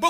mbokk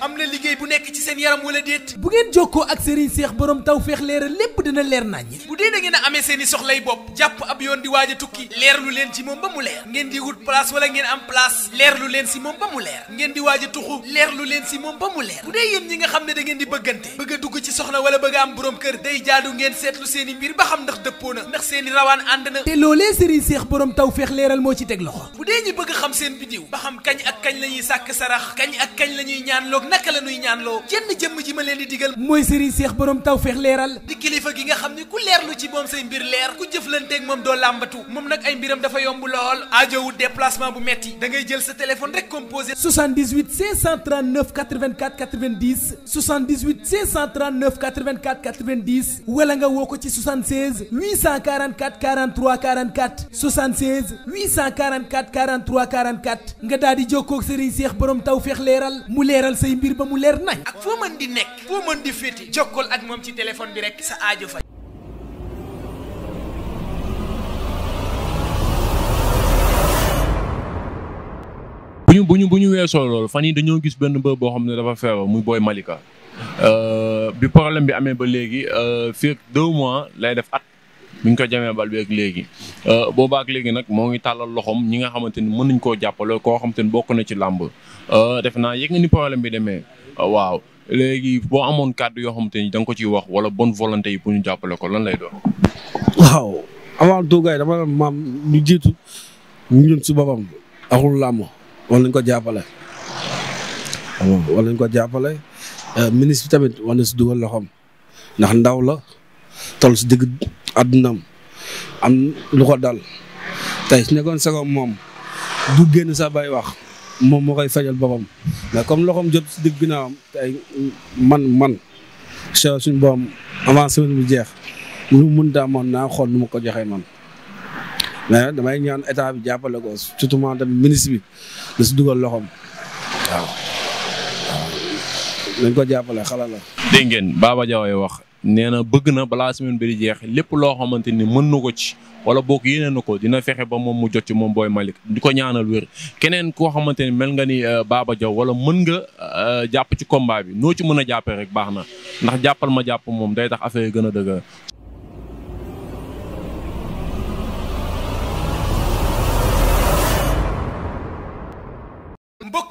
am na liggéey bu nekk ci seen yaram wala déet bu ngeen jokkoo ak Serigne Seex borom tawfeex leeral lépp dina leer naññ bu dee da ngeen a amee seeni soxlay bopp jàpp ab yoon di waaj tukki leerlu leen ci moom ba mu leer ngeen di wut place wala ngeen am place leen si moom ba mu ngeen di waaj a tuxu leer leen si moom ba mu leer bu dee yéen ñi nga xam ne da ngeen di bëggante bëgg a dugg ci soxla wala bëgg a am borom kër day jaadu ngeen seetlu seen i mbir ba xam ndax dëppoo na ndax seeni rawaan ànd na te loolee Serigne Seex borom tawfeex leeral moo ci teg bu dee ñi bëgg xam seen bidiw ba xam kañ ak kañ la ñuy sàkk sarax kañ ak kañ la ñuy ñaanloog naka la ñuy ñaanloo jenn jëmm ji ma leen di digal mooy sëriñ seex boroom tawfeex leeral di kilifa gi nga xam ni ku leerlu ci moom say mbir leer ku jëflanteeg moom doo làmbatu moom nag ay mbiram dafa yomb lool aajowul déplacement bu metti da ngay jël sa téléphone rek composé 78 539 84 90 78 539 84 90 wala nga woo ko ci 76 844 43 44 76 844 43 44 nga daal di jokkoo ak Serigne Cheikh borom taw feex leeral mu leeral say mbir ba mu leer nañ. ak foo mën di nekk. foo mën di féete. jokkool ak moom ci téléphone bi rek sa aajo fa bu ñu bu ñu weesoo loolu fan dañoo gis benn bërëb boo xam ne dafa feebar muy Boy Malika euh, bi problème bi amee ba léegi euh, fii deux mois lay def at. bi ngi ko jamee bal bi ak léegi euh, boobaa ak léegi nag moo ngi tàllal loxoom ñi nga xamante ni nañ koo jàppale koo xamante ni bokk na ci làmb euh, def naa yëg nga ni problème bi demee euh, waaw léegi boo amoon kàddu yoo xamante ni danga nga ko ciy wax wala bonne volonté yi pour ñu jàppale ko lan lay doon. waaw dama maam ñu jiitu ñun si boppam axul làmb wala ñu ko jàppale. wala ñu ko jàppale ministre tamit war na si dugal loxoom ndax ndaw la toll si digg addunaam am lu ko dal tey su nekkoon sagoom moom du génn sax bay wax moom moo koy fajal boppam mais comme loxoom jot si digg tey man man so suñu boppam avant semaine bi jeex lu mun daa moon naa xool nu ma ko joxee man mais damay ñaan état bi jàppale ko surtout man tamit ministre bi si dugal loxoom waaw nañ ko jàppale xala la dégg ngeen Baba wax nee na bëgg na balaa semaine bi di jeex lépp loo xamante ni mën na ko ci wala boog yéene na ko dina fexe ba moom mu jot ci moom booy Malick di ko ñaanal wér keneen koo xamante ni mel nga ni euh, Baba Diaw wala mën nga euh, jàpp ci combat bi noo ci mën a jàppee rek baax na ndax jàppal ma jàpp moom day tax affaire yi gën a dëgër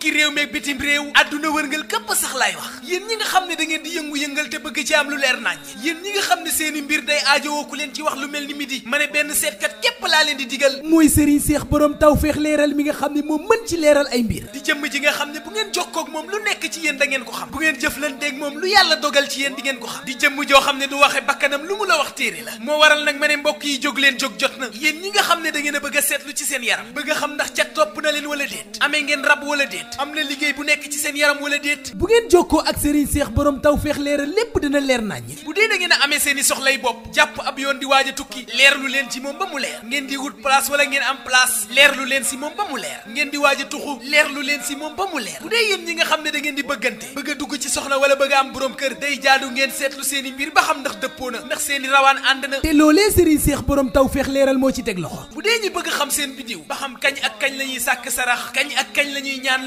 bokki réew meeg bitim réew adduna wërngal këpp sax laay wax yéen ñi nga xam ne da ngeen di yëngu-yëngal te bëgg ci am lu leer nañ yéen ñi nga xam ne seeni mbir day aajowoo ku leen ci wax lu mel ni midi ma ne benn seetkat képp laa leen di digal mooy sëriñ seex borom tawfeex leeral mi nga xam ne moom mën ci leeral ay mbir di jëm ji nga xam ne bu ngeen jokkoo ak moom lu nekk ci yéen dangeen ko xam bu ngeen jëflanteeg moom lu yàlla dogal ci yéen di ngeen ko xam di jëmm xam ne du waxe bakkanam lu la wax téere la waral nag ma ne mbokk yi jóg leen jóg jot na yéen ñi nga xam ne da ngeen a ci seen yaram bëgg a xam ndax ca topp na leen wala déet ngeen rab wala déet am na liggéey bu nekk ci seen yaram wala déet bu ngeen jokkoo ak Serigne Cheikh borom tawfeex leeral lépp dina leer naññ bu dee da ngeen a amee seen i soxlay bopp jàpp a tukki leer lu leen ci moom ba mu leer ngeen di wut place wala ngeen am place leer lu leen si moom ba mu leer ngeen di waaj a tuxu leer lu leen si moom ba mu leer bu ñi nga xam ne da ngeen di bëggante bëgg dugg ci soxna wala bëgg a borom kër day jaadu ngeen seetlu seen i mbir ba xam ndax dëppoo na ndax seen i ànd na te loolee Serigne Cheikh borom tawfeex leeral moo ci teg loxo bu dee ñi bëgg xam seen bidiw ba xam kañ ak kañ la ñuy sàkk sarax kañ ak kañ la ñuy ñaan